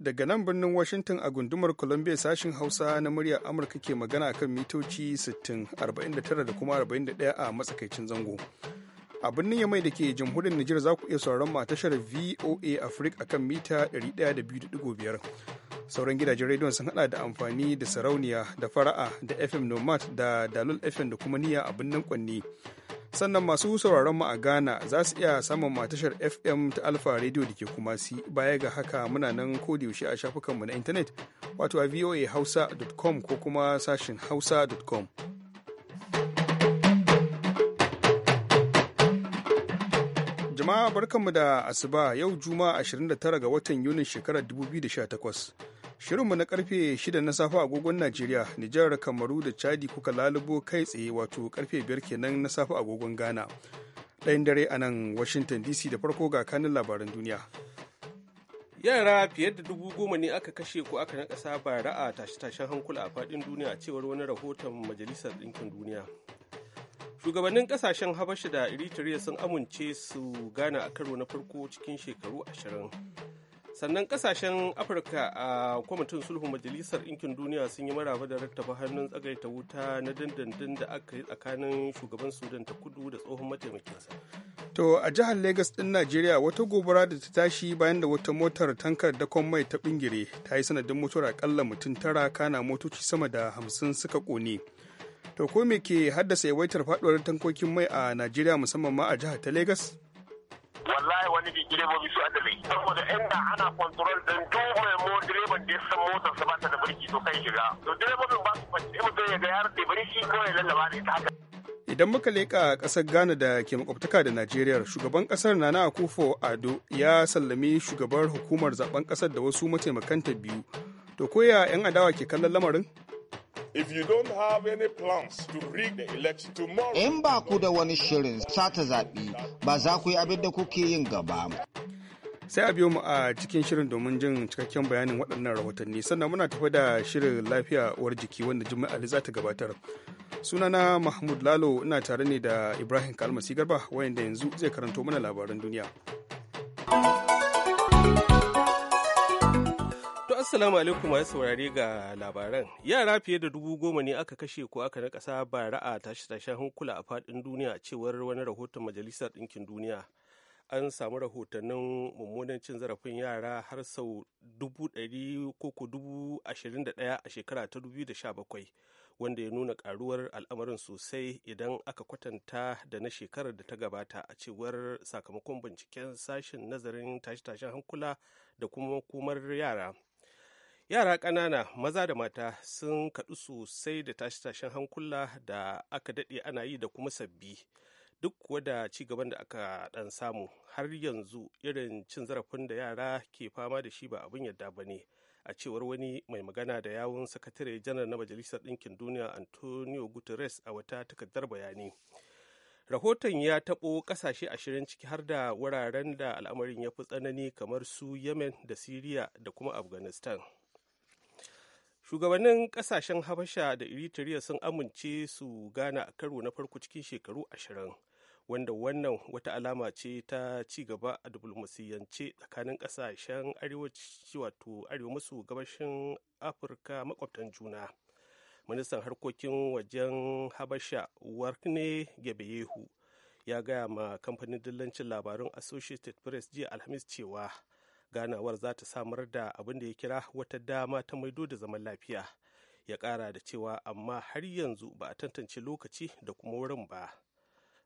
daga nan birnin washington a gundumar columbia sashen hausa na muryar amurka ke magana a kan mitoci sittin 49 da kuma 41 a matsakaicin zango a birnin yamai da ke jamhuriyar nijar za ku iya sauraron ma tashar voa africa akan mita 102.5 sauran gidajen rediyon sun hada da amfani da sarauniya da fara'a da fm nomad da dalol fm da kuma niya a birnin kwanni sannan masu sauraron mu a ghana za su iya samun matashar fm ta alfa radio da ke kuma si baya ga haka muna nan ko yaushe a shafukanmu na intanet wato a voahausa.com ko kuma sashin hausa.com jama'a barkanmu da asuba yau juma'a 29 ga watan yunin shekarar 2018 Shirinmu na karfe 6 na safe agogon Najeriya, Nijar, Kamaru da Chadi kuka lalubo kai tsaye wato karfe biyar kenan na safe agogon Ghana. Ɗayan dare a nan Washington DC da farko ga kanin labaran duniya. Yara fiye da dubu goma ne aka kashe ko aka naka bara a tashe-tashen hankula a faɗin duniya cewar wani rahoton Majalisar Ɗinkin Duniya. Shugabannin ƙasashen Habasha da Eritrea sun amince su gana a karo na farko cikin shekaru ashirin. sannan kasashen afirka a kwamitin sulhu majalisar ɗinkin duniya sun yi maraba da rattaba hannun tsagaita wuta na dandandan da aka yi tsakanin shugaban sudan ta kudu da tsohon mataimakinsa to a jihar Legas ɗin najeriya wata gobara da ta tashi bayan da wata motar tankar dakon mai ta bingire ta yi sanadin mutuwar akalla mutum tara kana motoci sama da hamsin suka kone to ko me ke haddasa yawaitar faɗuwar tankokin mai a najeriya musamman ma a jihar ta Legas? wallahi wani bi direbobi su adalai saboda da ana kontrol din duk mai mo direban da ya san motar sa ba ta da birki to kai shiga to direbobin ba su fahimci mutum ya ga yar da birki ko ya lallaba ne ta haka idan muka leƙa ƙasar ghana da ke makwabtaka da najeriya shugaban ƙasar nana akufo ado ya sallami shugabar hukumar zaben ƙasar da wasu mataimakanta biyu to koya 'yan adawa ke kallon lamarin In ba ku da wani shirin sata zaɓi ba za ku yi abin da kuke yin gaba. Sai a biyo mu a cikin shirin domin jin cikakken bayanin waɗannan rahotanni sannan muna tafi da shirin lafiya uwar jiki wanda Juma'a za ta gabatar. Sunana Mahmud Lalo ina tare ne da Ibrahim Kalmasi Garba wayanda yanzu zai karanto mana labaran duniya. Assalamu alaikum masu saurare ga labaran. Yara fiye da dubu goma ne aka kashe ko aka na ƙasa bara a tashe-tashen hankula a faɗin duniya cewar wani rahoton Majalisar Ɗinkin Duniya. An samu rahotannin mummunan cin zarafin yara har sau dubu ɗari ko ko dubu ashirin da ɗaya a shekara ta dubu da sha bakwai wanda ya nuna ƙaruwar al'amarin sosai idan aka kwatanta da na shekarar da ta gabata a cewar sakamakon binciken sashen nazarin tashi tashen hankula da kuma hukumar yara. yara ƙanana maza da mata sun kaɗu sosai da tashe-tashen hankula da aka daɗe ana yi da kuma sabbi duk kuwa da ci gaban da aka ɗan samu har yanzu irin cin zarafin da yara ke fama da shi ba abin yadda ba ne a cewar wani mai magana da yawun sakatare janar na majalisar ɗinkin duniya antonio guterres a wata takardar bayani rahoton ya taɓo ƙasashe ashirin ciki har da wuraren da al'amarin ya fi tsanani kamar su yemen da siriya da kuma afghanistan shugabannin kasashen habasha da eritrea sun amince su gana a karo na farko cikin shekaru ashirin wanda wannan wata alama ce ta ci gaba a diflomasiyyance tsakanin kasashen arewaci wato arewa maso gabashin afirka makwabtan juna ministan harkokin wajen habasha warkne gebeyehu ya gaya ma kamfanin dillancin labarun associated press jiya alhamis cewa ganawar za ta samar da abin da ya kira wata dama ta maido da zaman lafiya ya ƙara da cewa amma har yanzu ba a tantance lokaci da kuma wurin ba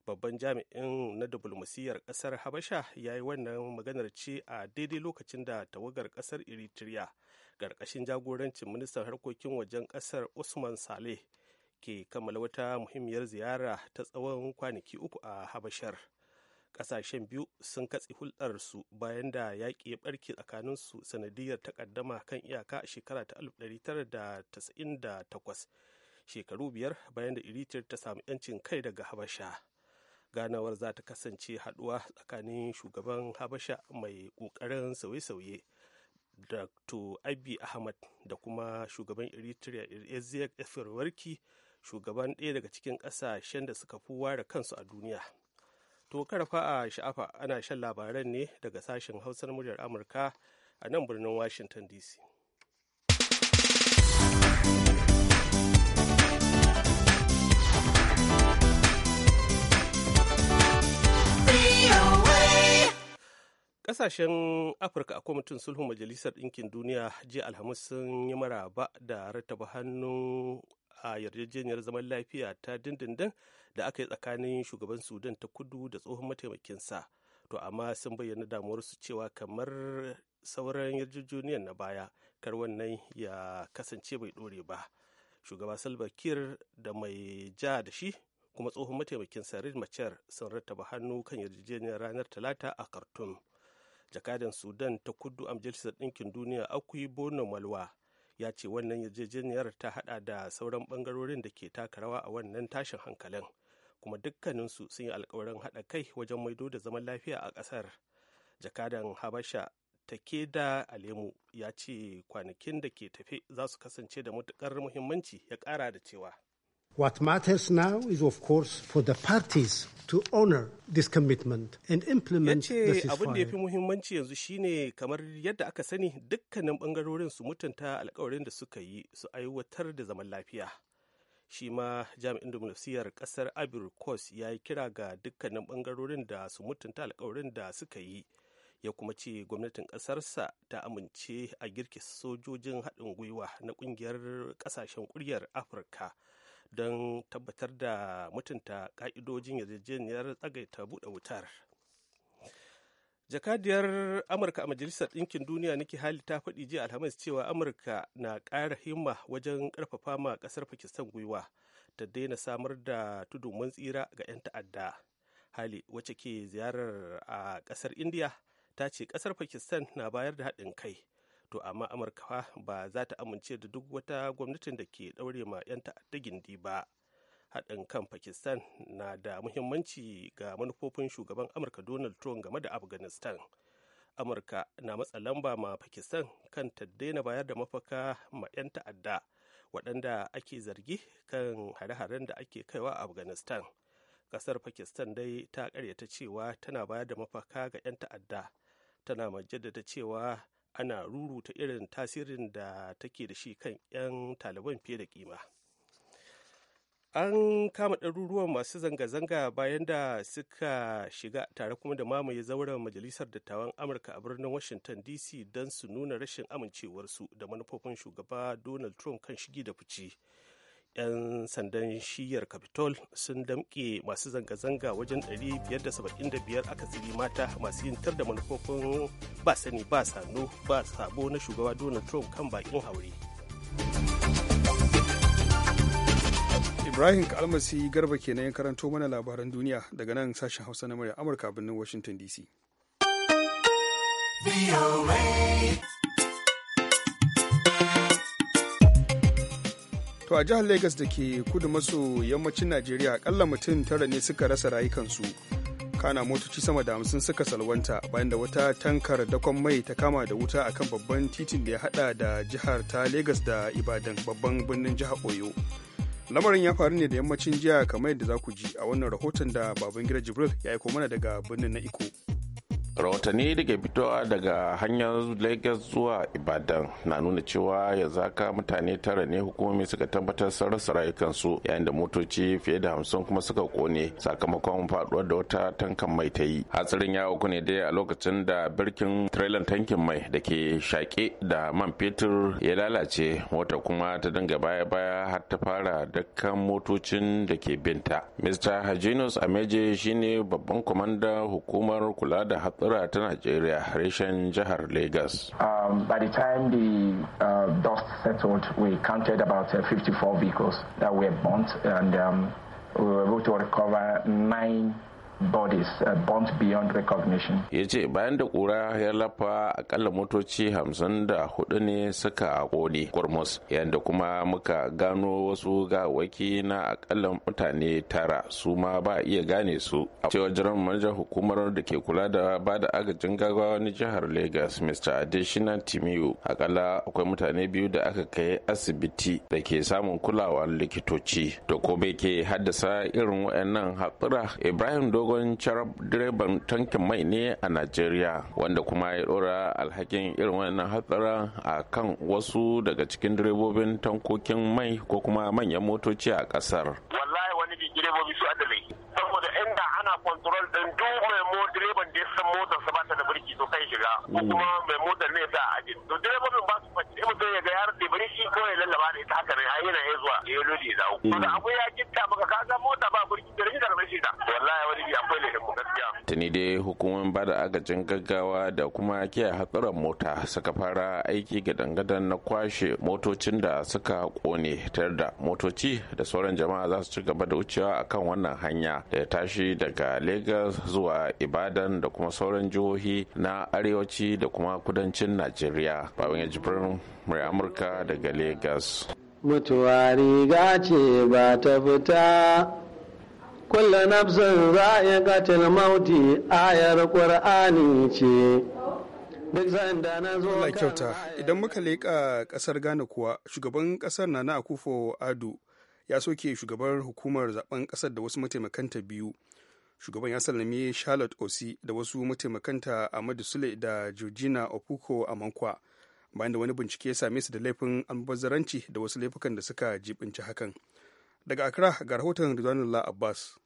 babban jami'in na diflomasiyyar ƙasar habasha ya yi wannan maganar ce a daidai lokacin da tawagar ƙasar eritrea ƙarƙashin jagorancin ministan harkokin wajen ƙasar usman saleh ke kammala wata muhimmiyar ziyara ta tsawon kwanaki uku a habashar ƙasashen biyu sun katse hulɗarsu bayan da yaƙi ya ɓarke tsakaninsu sanadiyar takaddama kan iyaka a shekara ta 1998 shekaru biyar bayan da iritiyar ta samu 'yancin kai daga habasha ganawar za ta kasance haɗuwa tsakanin shugaban habasha mai ƙoƙarin sauye-sauye dr abi ahmad da kuma shugaban eritrea ezek efirwarki shugaban ɗaya daga cikin ƙasashen da suka fi ware kansu a duniya To karfa a sha'afa ana shan labaran ne daga sashen hausar muryar Amurka a nan birnin Washington DC. Ƙasashen Afirka a kwamitin sulhun Majalisar Ɗinkin Duniya jiya Alhamis sun yi maraba da rattaba hannun a yarjejeniyar zaman lafiya ta dindindin da aka yi tsakanin shugaban sudan ta kudu da tsohon mataimakinsa to amma sun bayyana damuwarsu cewa kamar sauran yarjejeniyar na baya kar wannan ya kasance bai dore ba shugaba salva kir da mai ja da shi kuma tsohon mataimakin sarit macer sun rattaba hannu kan yarjejeniyar ranar talata a khartoum jakadan sudan ta kudu a majalisar ɗinkin duniya akwai bono malwa ya ce wannan yarjejeniyar ta hada da sauran bangarorin da ke taka rawa a wannan tashin hankalin kuma dukkaninsu sun yi alkawarin haɗa kai wajen maido da zaman lafiya a ƙasar jakadan habasha take da alemu ya ce kwanakin da ke tafe za su kasance da matukar muhimmanci ya ƙara da cewa What matters now is of course for the parties to honor this commitment and implement the ceasefire. abin da ya fi muhimmanci yanzu shine kamar yadda aka sani dukkanin bangarorin su mutunta alkawarin da suka yi su aiwatar da zaman lafiya. Shi ma jami'in dimokrasiyyar kasar Abir Kos ya yi kira ga dukkanin bangarorin da su mutunta alkawarin da suka yi. ya kuma ce gwamnatin kasarsa ta amince a girke sojojin haɗin gwiwa na ƙungiyar ƙasashen ƙuryar afirka don tabbatar da mutunta ka'idojin yarjejeniyar tsagaita buɗe wutar jakadiyar amurka a majalisar ɗinkin duniya niki hali ta faɗi jiya alhamis cewa amurka na ƙara himma wajen ƙarfafa ma ƙasar pakistan gwiwa ta daina samar da tudun tsira ga 'yan ta'adda hali wacce ke ziyarar a ƙasar Indiya ta ce ƙasar pakistan na bayar da haɗin kai to amma amurka ba za ta amince da duk wata gwamnatin da ke daure ma 'yan ta'adda gindi ba haɗin kan pakistan na da muhimmanci ga manufofin shugaban amurka donald trump game da afghanistan amurka na matsa lamba ma pakistan kan ta daina bayar da mafaka ma 'yan ta'adda waɗanda ake zargi kan hare-haren da ake kaiwa a afghanistan ƙasar pakistan dai ta ƙaryata cewa tana bayar da mafaka ga 'yan ta'adda tana jaddada cewa ana ruruta irin tasirin da take da shi kan 'yan taliban fiye da kima an kama ɗaruruwan masu zanga-zanga bayan da suka shiga tare kuma da mamaye zauren majalisar dattawan amurka a birnin washington dc don su nuna rashin amincewarsu da manufofin shugaba donald trump kan shigi da fice. 'yan sandan shiyar capitol sun damƙe masu zanga-zanga wajen 575 aka tsiri mata masu yin tar da manufofin ba sani ba sano ba sabo na shugaba donald trump kan bakin haure ibrahim kalmasi garba kenan ya karanto mana labaran duniya daga nan sashen hausa na murya amurka birnin washington dc To a jihar Legas da ke kudu maso yammacin Najeriya akalla mutum tara ne suka rasa rayukansu. Kana motoci sama da hamsin suka salwanta bayan da wata tankar dakon mai ta kama da wuta akan babban titin da ya hada da jihar ta Legas da Ibadan babban birnin jihar Oyo. Lamarin ya faru ne da yammacin jiya kamar yadda za ku ji a wannan rahoton da Babangida Jibril ya aiko mana daga birnin na Iko. rahotanni da ke fitowa daga hanyar lagos zuwa ibadan na nuna cewa ya zaka mutane tara ne hukumomi suka tabbatar sun rasa rayukansu yayin da motoci fiye da hamsin kuma suka kone sakamakon faduwar da wata tankan mai ta yi hatsarin ya auku ne dai a lokacin da birkin trailer tankin mai da ke shaƙe da man fetur ya lalace wata kuma ta dinga baya baya har ta fara dukkan motocin da ke binta mr hajinus ameje shine babban kwamandan hukumar kula da ta najeriya jihar lagos um, by the time the uh, dust settled we counted about uh, 54 vehicles that were burnt and um, we were able to recover nine bodies uh, burnt beyond recognition. Ya ce bayan da kura ya lafa akalla motoci hamsin da hudu ne suka kone kurmus yadda kuma muka gano wasu waki na akalla mutane tara su ma ba iya gane su. A cewar jiran manajan hukumar da ke kula da ba da agajin gaggawa na jihar Lagos Mr. Adesina Timiyu akalla akwai mutane biyu da aka kai asibiti da ke samun kulawar likitoci da ko ke haddasa irin waɗannan haɗura Ibrahim Dogo dogon direban tankin mai ne a najeriya wanda kuma ya dora alhakin irin wannan hatsara a kan wasu daga cikin direbobin tankokin mai ko kuma manyan motoci a kasar wallahi wani direbobi su adalai saboda inda ana kontrol din duk mai mo direban da ya san motar sa ba ta da birki to kai shiga ko mm. kuma mai motar ne ta a to direbobin ba su fashi in ya ga yar da birki ko ya lallaba da ita haka ne a yi na ya zuwa ya lodi da uku da abu ya gitta maka ka ga mota tuni dai hukumomin ba da agajin gaggawa da kuma kiyaye hatsarin mota suka fara aiki gadan-gadan na kwashe motocin da suka kone tare da motoci da sauran jama'a za su ci gaba da wucewa akan wannan hanya da ya tashi daga lagos zuwa ibadan da kuma sauran jihohi na arewaci da kuma kudancin najeriya babin ya jibirin murai amurka daga lagos mutuwa riga ce ba ta fita kulla nafsin katil mauti ayar qur'ani ce duk sa'in da na zo Allah kyauta idan muka leƙa ƙasar Ghana kuwa shugaban ƙasar Nana Akufo Ado ya soke shugabar hukumar zaben ƙasar da wasu mataimakanta biyu shugaban ya sallami Charlotte Osi da wasu mataimakanta Ahmadu Sule da Georgina Opuko mankwa bayan da wani bincike ya same su da laifin almubazzaranci da wasu laifukan da suka jibinci hakan daga Accra ga rahoton Ridwanullah Abbas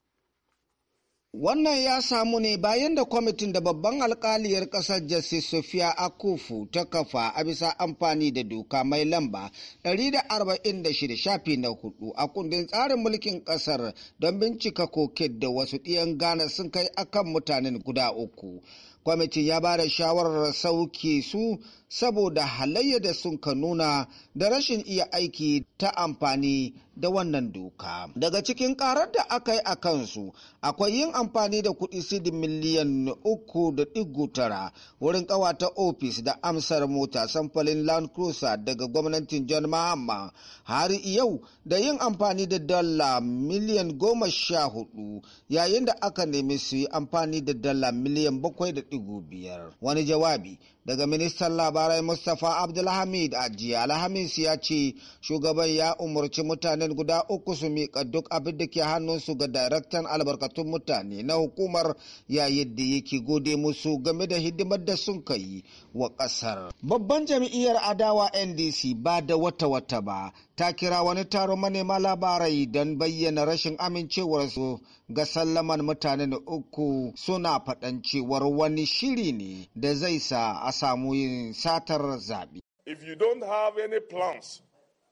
Wannan ya samu ne bayan da kwamitin da babban alkaliyar kasar Jesse Sophia Akufu ta kafa a bisa amfani da doka mai lamba 146 shafi na hudu a kundin tsarin mulkin kasar don bincika koket da wasu ɗiyan Ghana sun kai akan mutanen guda uku. Kwamitin ya ba da shawarar sauke su saboda halayya da sun ka nuna da rashin iya aiki ta amfani da wannan doka. Daga cikin karar da aka yi a kansu akwai yin amfani da kuɗi sidi miliyan uku da ɗigo tara wurin ƙawata ofis da amsar mota samfalin Land Cruiser daga gwamnatin John Mahama har yau da yin amfani da dala miliyan goma sha hudu yayin da aka nemi su yi amfani da dala miliyan bakwai da ɗigo biyar. Wani jawabi daga ministan labarai labarai mustapha abdulhamid a jiya alhamis ya ce shugaban ya umarci mutanen guda uku su miƙa duk abin da ke hannunsu ga daraktan albarkatun mutane na hukumar yayin da yake gode musu game da hidimar da sun kai wa ƙasar babban jam'iyyar adawa ndc ba da wata wata ba ta kira wani taron manema labarai don bayyana rashin amincewarsu ga sallaman mutanen uku suna faɗan cewar wani shiri ne da zai sa a samu yin satar zaɓe. If you don't have any plans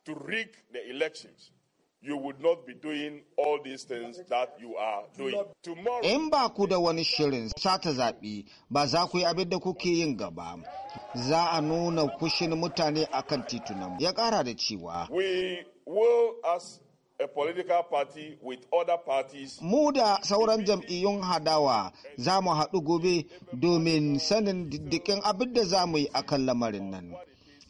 to rig the elections, you would not be doing all these things that you are doing. Tomorrow. In ba ku da wani shirin sata zaɓi ba za ku yi abin da kuke yin gaba. Za a nuna kushin mutane akan titunan. Ya ƙara da cewa. We will as a political party with other parties. Mu da sauran jam'iyyun hadawa za mu haɗu gobe domin sanin diddikin abin da za mu yi akan lamarin nan.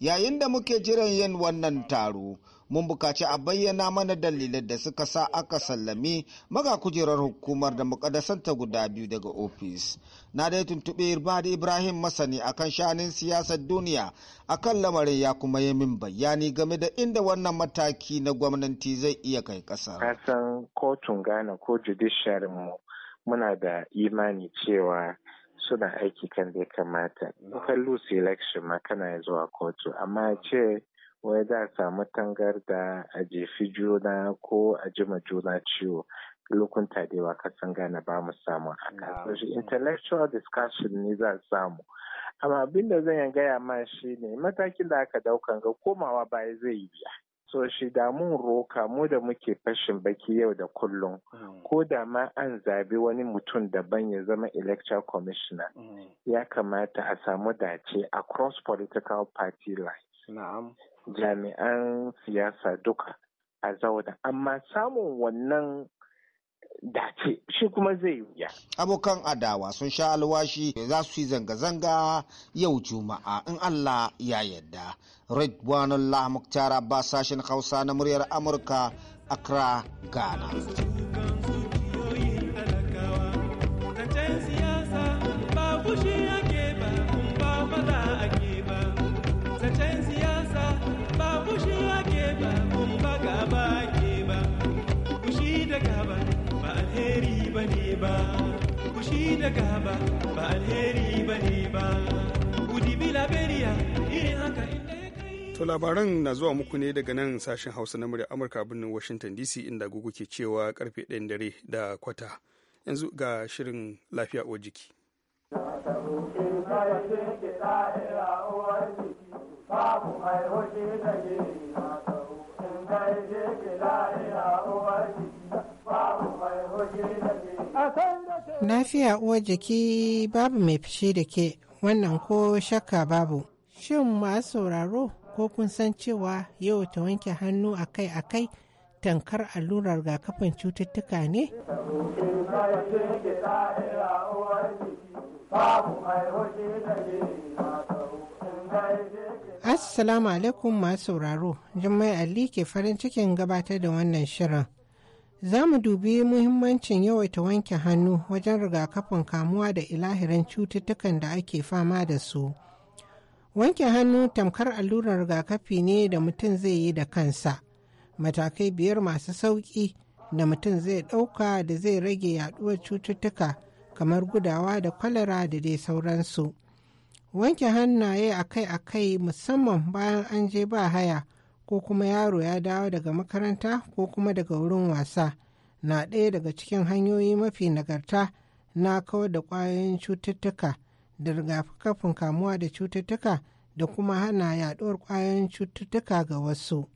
Yayin da muke jiran yin wannan taro, mun bukaci a bayyana mana dalilan da suka sa aka sallami maga kujerar hukumar da ta guda biyu daga ofis na dai tuntuɓe irbadi ibrahim masani akan shanin siyasar duniya akan lamarin ya kuma yi min bayani game da inda wannan mataki na gwamnati zai iya kai ƙasar. kasan kotun ghana ko judiciary mu muna da imani cewa suna aiki kan da ya kamata. Kallo election ma kana zuwa kotu, amma ce wai za a samu tangarda a jefi juna ko a jima juna ciwo lokunta da yawa kasan gane ba mu samu haka so intellectual discussion ne za a samu amma abin da zan gaya ma shi ne matakin da aka daukan ga komawa baya zai yi biya so shi da mun roka mu da muke fashin baki yau da kullum mm. ko da ma an zabi wani mutum daban ya zama electoral commissioner mm. ya kamata a samu dace a cross political party lines jami'an siyasa duka a zauna amma samun wannan dace shi kuma zai wuya. Abokan adawa sun sha alwashi za su yi zanga-zanga yau juma'a in Allah ya yarda. Ridwanullah Muktar Abbas sashen Hausa na muryar Amurka, Accra, Ghana. da gaba ba alheri ba To labaran na zuwa muku ne daga nan sashen Hausa na murya Amurka a birnin Washington DC inda gugu ke cewa karfe 1 dare da kwata. Yanzu ga shirin lafiya uwar jiki. Babu mai hoji Lafiya uwar jiki babu mai fice da ke wannan ko shakka babu. Shin masu sauraro ko kun san cewa yau ta wanke hannu akai-akai tankar allurar ga kafin cututtuka ne? Assalamu alaikum masu sauraro, Jummai Ali ke farin cikin gabatar da wannan shirin. Za mu dubi muhimmancin yawaita wanke hannu wajen rigakafin kamuwa da ilahirin cututtukan da ake fama da su. Wanke hannu tamkar allurar rigakafi ne da mutum zai yi da kansa. Matakai biyar masu sauƙi da mutum zai ɗauka da zai rage yaɗuwar cututtuka kamar gudawa da kwalara da dai sauransu. Wanke hannaye akai-akai musamman bayan an je ba haya ko kuma yaro ya dawo daga makaranta ko kuma daga wurin wasa na ɗaya daga cikin hanyoyi mafi nagarta na kawar da ƙwayoyin cututtuka da rigakafin kamuwa da cututtuka da kuma hana yaɗuwar ƙwayoyin cututtuka ga wasu.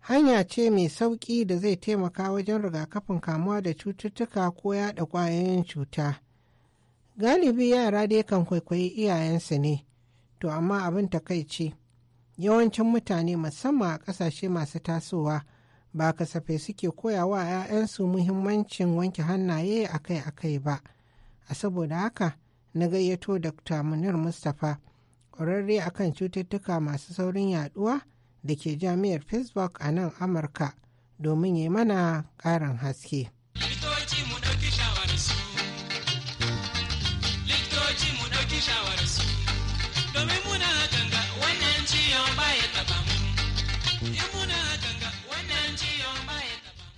Hanya ce mai sauƙi da zai taimaka wajen rigakafin kamuwa da cututtuka ko yaɗa ƙwayoyin cuta. Galibi yara da yakan kwaikwayi iyayensu ne, to amma abin takaici yawancin mutane musamman a ƙasashe masu tasowa ba kasafai suke koyawa 'ya'yansu muhimmancin wanke hannaye akai-akai ba a saboda haka na gayyato dr munir mustapha ƙwararre akan cututtuka masu saurin yaduwa da ke jami'ar facebook a nan amurka domin yi mana ƙarin haske. likitoci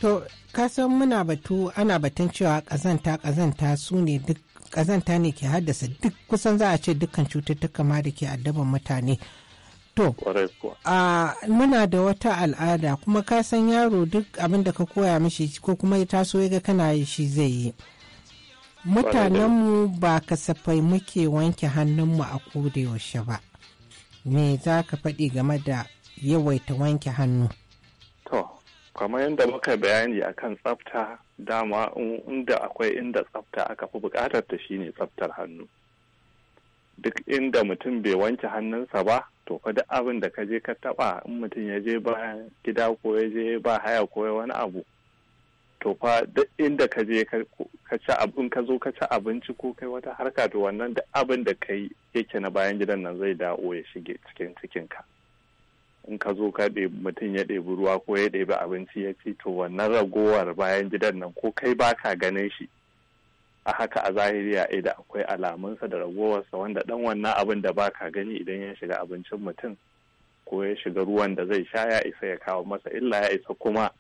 To, kasan muna batu ana batun cewa kazanta kazanta su ne duk kazanta ne ke haddasa duk kusan za a ce dukkan cututtuka ma da ke addaban mutane. To, a muna da wata al'ada kuma kasan yaro duk abin da ka koya mishi ko kuma ya taso ya ga kana yi shi zai yi. Mutanenmu ba kasafai muke wanke hannunmu a koda yaushe ba. Me za ka faɗi game da yawaita wanke hannu? kamar yadda muka bayani a kan tsafta dama inda akwai inda tsafta aka fi bukatar ta shine tsaftar hannu duk inda mutum bai wanke hannunsa ba to fa duk abin da ka je ka taba in mutum ya je ba gida ko ya je ba haya ko wani abu to fa duk inda ka je ka ci abin ka zo ka ci abinci ko kai wata harka to wannan duk abin da kai yake na bayan gidan nan zai dawo ya shige cikin cikinka. ka in ka zo ka mutum ya ɗebi ruwa ko ya ɗebi abinci ya ci to wannan ragowar bayan gidan nan ko kai ba ka ganin shi a haka a zahiri a da akwai alamunsa da ragowarsa wanda ɗan wannan abin da ba ka gani idan ya shiga abincin mutum ko ya shiga ruwan da zai sha ya isa ya kawo masa illa ya isa kuma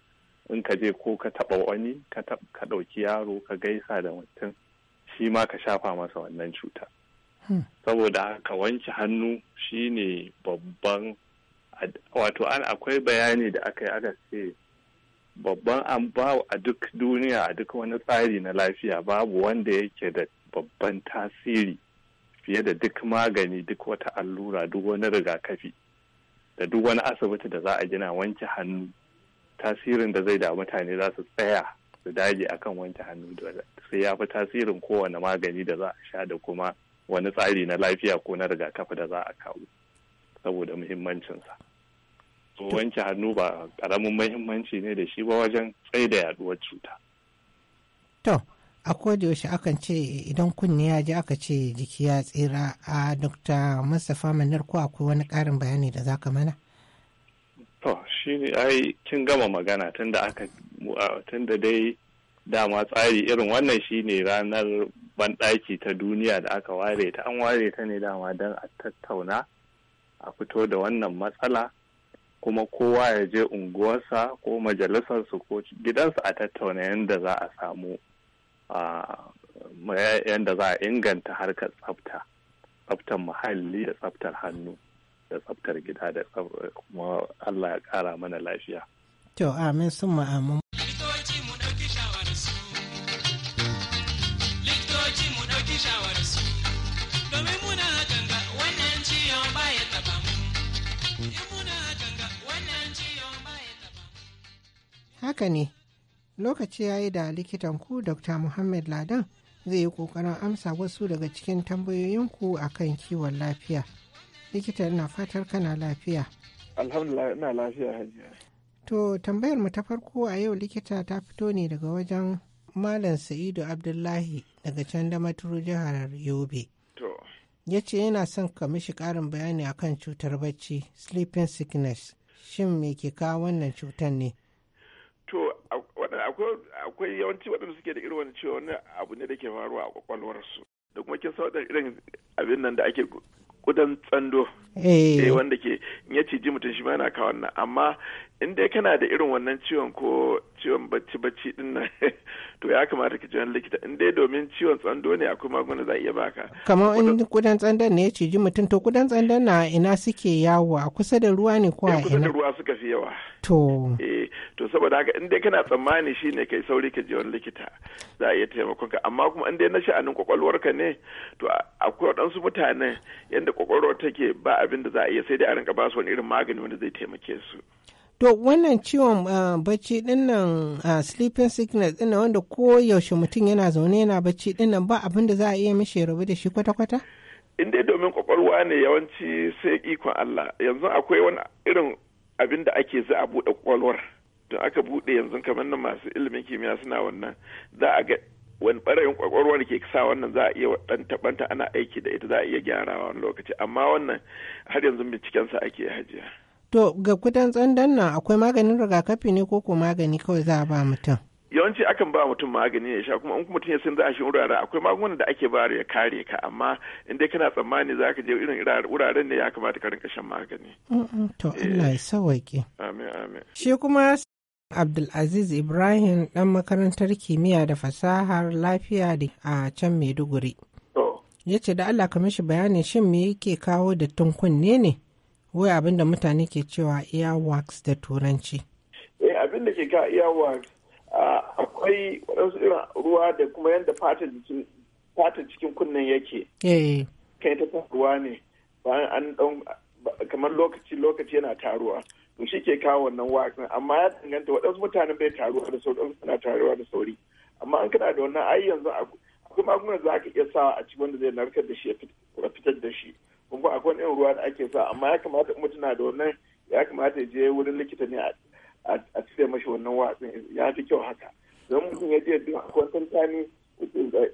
in ka je ko ka taɓa wani ka ɗauki yaro ka gaisa da mutum shi ma ka shafa masa wannan cuta hmm. saboda haka wanke hannu shine babban wato an akwai bayani da aka yi aka ce babban an ba a duk duniya a duk wani tsari na lafiya babu wanda yake da babban tasiri fiye da duk magani duk wata allura duk wani rigakafi da duk wani asibiti da za a gina wanke hannu tasirin da zai da mutane za su tsaya su dage akan wanke hannu sai ya fi tasirin kowane magani da za a sha da kuma wani tsari na lafiya ko na rigakafi da za a kawo saboda muhimmancinsa. wanke hannu ba karamin mahimmanci ne da shi ba wajen tsaye da yaduwar cuta to a yaushe akan ce idan kunne ya ji aka ce jiki ya tsira a dr mustapha manar ko akwai wani ƙarin bayani da za ka mana to shi ne ai kin gama magana tunda aka tunda dai dama tsari irin wannan shi ne ranar banɗaki ta duniya da aka ware ta an ware ta ne dama don a tattauna a fito da wannan matsala kuma kowa ya je unguwarsa ko majalisarsu ko gidansa a tattauna yadda za a samu yadda za a inganta harkar tsafta tsaftar muhalli da tsaftar hannu da tsaftar gida da kuma allah ya kara mana lafiya amin sun ma'amun haka ne lokaci ya yi da likitan ku dr muhammad ladan zai yi kokarin amsa wasu daga cikin tambayoyinku a kan kiwon lafiya likita na fatar kana lafiya alhamdulillah ina lafiya to tambayar mu ta farko a yau likita ta fito ne daga wajen malam sa'idu abdullahi daga can da maturu jihar yobe ya ce yana son ka mishi karin bayani akan cutar bacci sleeping sickness shin me ke kawo wannan cutar ne akwai yawanci waɗanda suke da irin wani cewa wani abu ne da ke faruwa a su da kuma kin sa irin abin nan da ake kudan tsando eh. eh wanda ke in ya ciji mutum shi ma yana kawo wannan amma in dai kana da irin wannan ciwon ko ciwon bacci bacci din nan to ya kamata ka wani likita in dai domin ciwon tsando ne akwai magunguna za a iya baka kamar in kudan tsandan ne ya ciji mutum to kudan tsandan na ina suke yawo a kusa da ruwa ne ko a eh, ina kusa da ruwa suka fi yawa to eh to saboda haka in dai kana tsammani shine kai sauri ka je wani likita za a iya taimakon ka amma kuma in dai na sha'anin kwakwalwarka ne to akwai waɗansu mutane yadda kwakwalwar take ba abin da za a iya sai dai a rinka ba su wani irin magani wanda zai taimake su To wannan ciwon ah, bacci dinnan ah, sleeping sickness dinnan wanda ko yaushe mutum yana zaune yana bacci dinnan ba abin da za a iya mishi rabu da shi kwata-kwata? In dai domin kwakwalwa ne yawanci sai ikon Allah yanzu akwai wani irin abin da ake za a buɗe kwakwalwar. Don aka buɗe yanzu kamar nan masu ilimin kimiyya suna wannan za a ga wani ɓarayin kwakwalwar ke sa wannan za a iya ɗan taɓanta ana aiki da ita za a iya gyarawa wani lokaci amma wannan har yanzu bincikensa ake hajiya. To ga kudan tsandan nan akwai maganin rigakafi ne ko ko magani kawai za a ba mutum? Yawanci akan ba mutum magani ne, sha kuma in mutum ya san za a shi wurare akwai magungunan da ake bayar ya kare ka amma in dai kana tsammani za ka je irin wuraren ne ya kamata ka rinka shan magani. To Allah ya eh. sawaƙe. Amin amin. Shi kuma Abdulaziz Ibrahim dan makarantar kimiyya da fasahar lafiya da a can Maiduguri. Ya ce da Allah ka mishi bayanin shin me yake kawo da tunkunne ne? wai abin da mutane ke cewa earwax da turanci eh abin da ke ka earwax ah, akwai waɗansu irin ruwa da kuma yadda fata cikin kunnen yake eh. kai ta ruwa ne bayan an ɗan kamar lokaci lokaci yana taruwa to shi ke kawo wannan wax amma ya danganta wadansu mutanen bai taruwa da sauri waɗansu suna taruwa da sauri amma an kana da wannan ai yanzu akwai magungunan za ka iya sawa a cikin wanda zai narkar da shi ya fitar da shi kun akwai irin ruwa da ake sa amma ya kamata mutum na da wannan ya kamata ya je wurin likita ne a cire mashi wannan watsin ya fi kyau haka don mutum ya je duk akwai tantani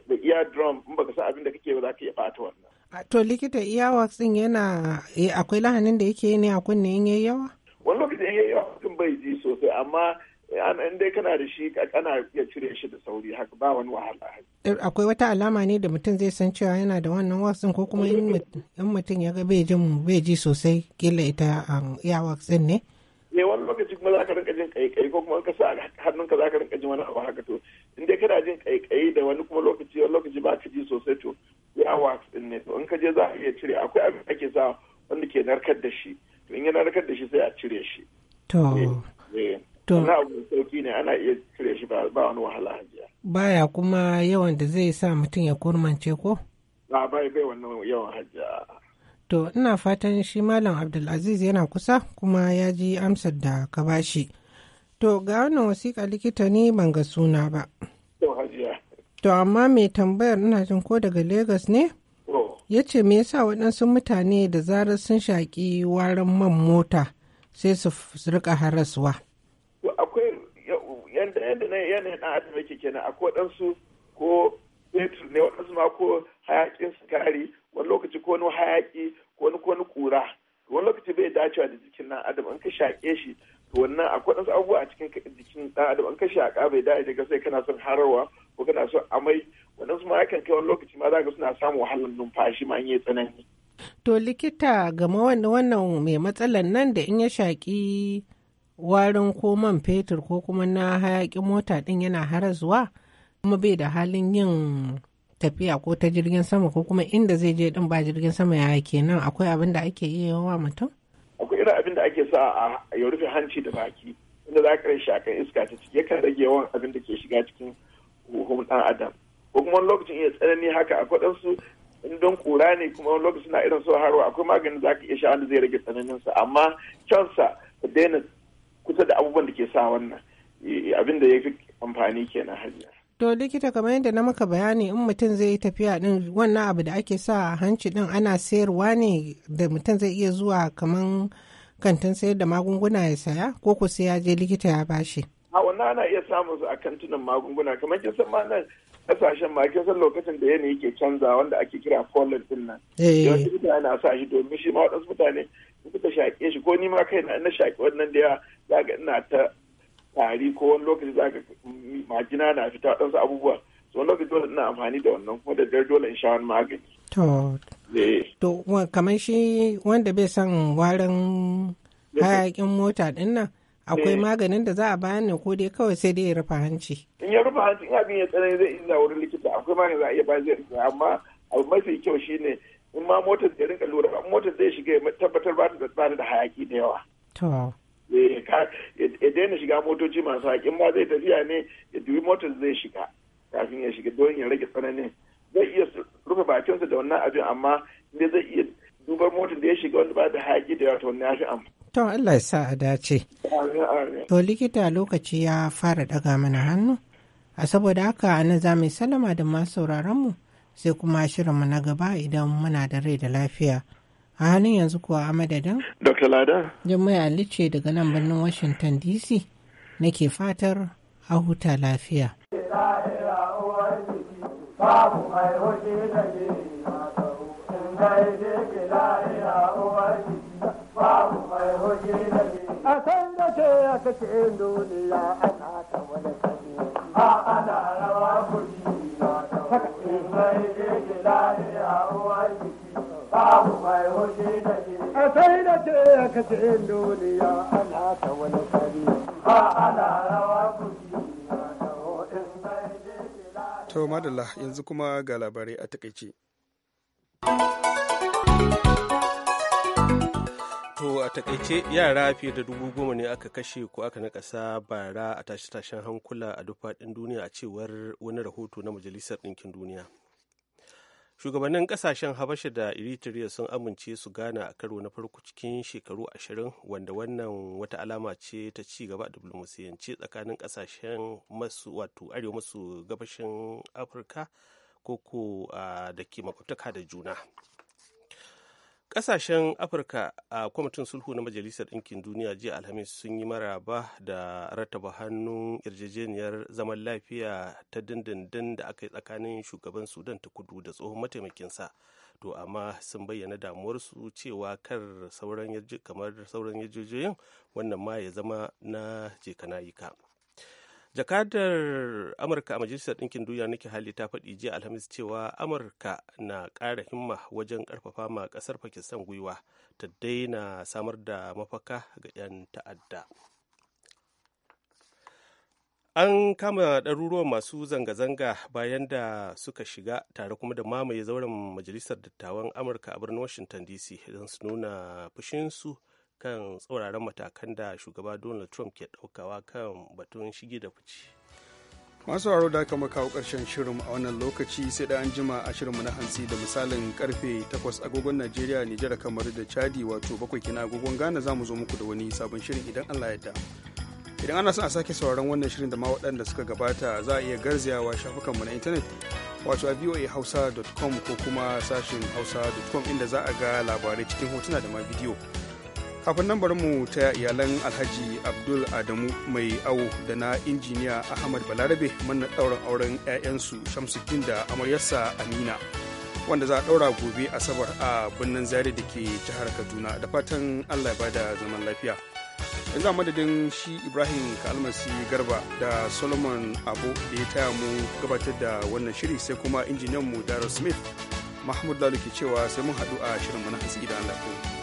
da iya drum in baka sa abin da kake ba za ka iya bata wannan. to likita iya watsin yana eh, akwai lahanin da yake ne a kunne in yayi yawa. wani lokacin in yayi yawa mutum bai ji sosai amma in dai kana da shi kana iya cire shi da sauri haka ba wani wahala er, akwai wata alama ne da mutum zai san cewa yana da wannan wasan ko kuma in mutum ya ga bai jin bai ji sosai kila ita iya um, wasan ne ne eh, wani lokaci kuma za ka rinka jin kaikai ko kuma ka sa hannunka za ka rinka jin wani abu haka to in dai kana jin kaikai da wani kuma lokaci wani lokaci ba ka ji sosai to ya wax ne to in ka je za a iya cire akwai abin ake sa wanda ke narkar da shi to in ya narkar da shi sai a cire shi to eh, eh. Wani abu sauki ne ana iya cire shi ba wani wahala hajiya. Baya kuma yawan da zai sa mutum ya kurmance ko? Ba bai bai wannan yawan hajiya. To ina fatan shi Malam Abdulaziz yana kusa kuma ya ji amsar da ka bashi. To ga wannan wasiƙa likita ne ban ga suna ba. To hajiya. To amma mai tambayar ina jin ko daga Legas ne? Oh. Ya ce me yasa waɗansu mutane da zarar sun shaƙi warin man mota sai su rika haraswa. yadda na yanayin ɗan adam yake kenan a kodansu ko fetur ne waɗansu ma ko hayaƙin sukari wani lokaci ko wani hayaƙi ko wani ko wani ƙura wani lokaci bai dacewa da jikin ɗan adam in ka shaƙe shi to wannan a kodansu abubuwa a cikin jikin ɗan adam in ka shaƙa bai dace daga sai kana son harawa ko kana son amai waɗansu ma yakan kai wani lokaci ma za ka suna samun wahalar numfashi ma in yi tsanani. To likita ga wannan mai matsalar nan da in ya shaƙi warin ko man fetur ko kuma na hayaƙin mota ɗin yana harazuwa kuma bai da halin yin tafiya ko ta jirgin sama ko kuma inda zai je ɗin ba jirgin sama ya kenan akwai abin da ake iya yawa mutum? akwai irin abin da ake sa a ya rufe hanci da baki inda za ka rai shakan iska ta ciki yakan rage yawan abin da ke shiga cikin huhun ɗan adam ko kuma lokacin iya tsanani haka akwai ɗansu in don kura ne kuma lokacin na irin so harwa akwai maganin za ka iya sha wanda zai rage tsananinsa amma kyansa daina kusa da abubuwan da ke sa wannan abin da ya fi amfani kenan hanyar. To likita kamar yadda na maka bayani in mutum zai yi tafiya din wannan abu da ake sa a hanci din ana sayarwa ne da mutum zai iya zuwa kamar kantin sayar da magunguna ya saya ko ku sai ya je likita ya bashi. A wannan ana iya samun su a kantunan magunguna kamar kin san ma nan kasashen ma kin san lokacin da yanayi ke canza wanda ake kira pollen din nan. Eh. Yawanci mutane na sa shi domin shi ma waɗansu mutane suka shaƙe shi ko ni ma kai na shaƙi wannan da ya zaga ina ta tari ko wani lokaci majina na fita ɗansu abubuwa so wani lokaci dole ina amfani da wannan kuma da dare dole in sha wani magani. to eh. to kamar shi wanda bai san warin hayaƙin mota ɗin nan akwai eh. maganin da za a bayan ne ko dai kawai sai dai ya rufe hanci. in ya rufe hanci in abin ya tsanani zai iya wurin likita akwai maganin za a iya bayan zai rufe amma abu mafi kyau shine in ma motar ya rinka lura ba motar zai shiga ya tabbatar ba ta da da hayaki da yawa eh, ya daina shiga motoci masu haƙin ba zai tafiya ne ya dubi motar zai shiga kafin ya shiga don ya rage tsananin zai iya rufe bakinsa da wannan abin amma inda zai iya dubar motar da ya shiga wanda ba da haƙi da yawa to ya fi to Allah ya sa a dace. to likita lokaci ya fara daga mana hannu a saboda haka a nan za mu salama da masu sauraron mu. sai kuma shirinmu na gaba idan muna da rai da lafiya. A halin yanzu kuwa a madadin? Dr. Lada. Jummai daga nan birnin Washington DC nake fatar a huta lafiya. A ce ya ta a ana rawa kuri. To madalla yanzu kuma ga labarai a takaice. To a takaice yara fiye da dubu goma ne aka kashe ko aka nakasa bara a tashe-tashen hankula a duk faɗin duniya a cewar wani rahoto na Majalisar Ɗinkin Duniya. shugabannin kasashen habasha da eritrea sun amince su gana a karo na farko cikin shekaru ashirin wanda wannan wata alama ce ta ci gaba a diplomasiyance tsakanin kasashen masu wato arewa masu gabashin afirka koko ah, da ke da juna Ƙasashen Afirka a kwamitin sulhu na Majalisar Ɗinkin Duniya jiya Alhamis sun yi maraba da rattaba hannun yarjejeniyar zaman lafiya ta dindindin da aka yi tsakanin shugaban Sudan ta kudu da tsohon mataimakinsa. To amma sun bayyana damuwarsu cewa kar sauran kamar sauran yarjejeniyar wannan ma ya zama na jekanayika. jakadar amurka a majalisar ɗinkin duniya nake hali ta faɗi jiya alhamis cewa amurka na ƙara himma wajen ƙarfafa ma ƙasar pakistan gwiwa ta daina samar da mafaka ga 'yan ta'adda an kama ɗaruruwan masu zanga-zanga bayan da suka shiga tare kuma da mamaye zauren majalisar dattawan amurka a birnin washington dc don su nuna fushinsu kan tsauraran matakan da shugaba donald trump ke ɗaukawa kan batun shige da fice masu haro da aka kawo karshen shirin a wannan lokaci sai da an jima a shirinmu na hansi da misalin karfe 8 agogon najeriya nijar kamar da chadi wato bakwai kina agogon ghana za mu zo muku da wani sabon shirin idan allah ya idan ana son a sake sauraron wannan shirin da ma waɗanda suka gabata za a iya garzayawa shafukanmu na intanet wato a voahausa.com ko kuma sashin hausa.com inda za a ga labarai cikin hotuna da ma bidiyo kafin nan bari mu ta iyalan alhaji abdul adamu mai awo da na injiniya ahmad balarabe manna ɗaurin auren 'ya'yansu shamsuddin da amaryarsa amina wanda za a ɗaura gobe asabar a birnin zari da ke jihar kaduna da fatan allah ba da zaman lafiya yanzu a madadin shi ibrahim kalmasi garba da solomon abu da ya taya mu gabatar da wannan shiri sai kuma injiniyan mu dara smith mahmud lalu ke cewa sai mun haɗu a shirin mana hasi da lafiya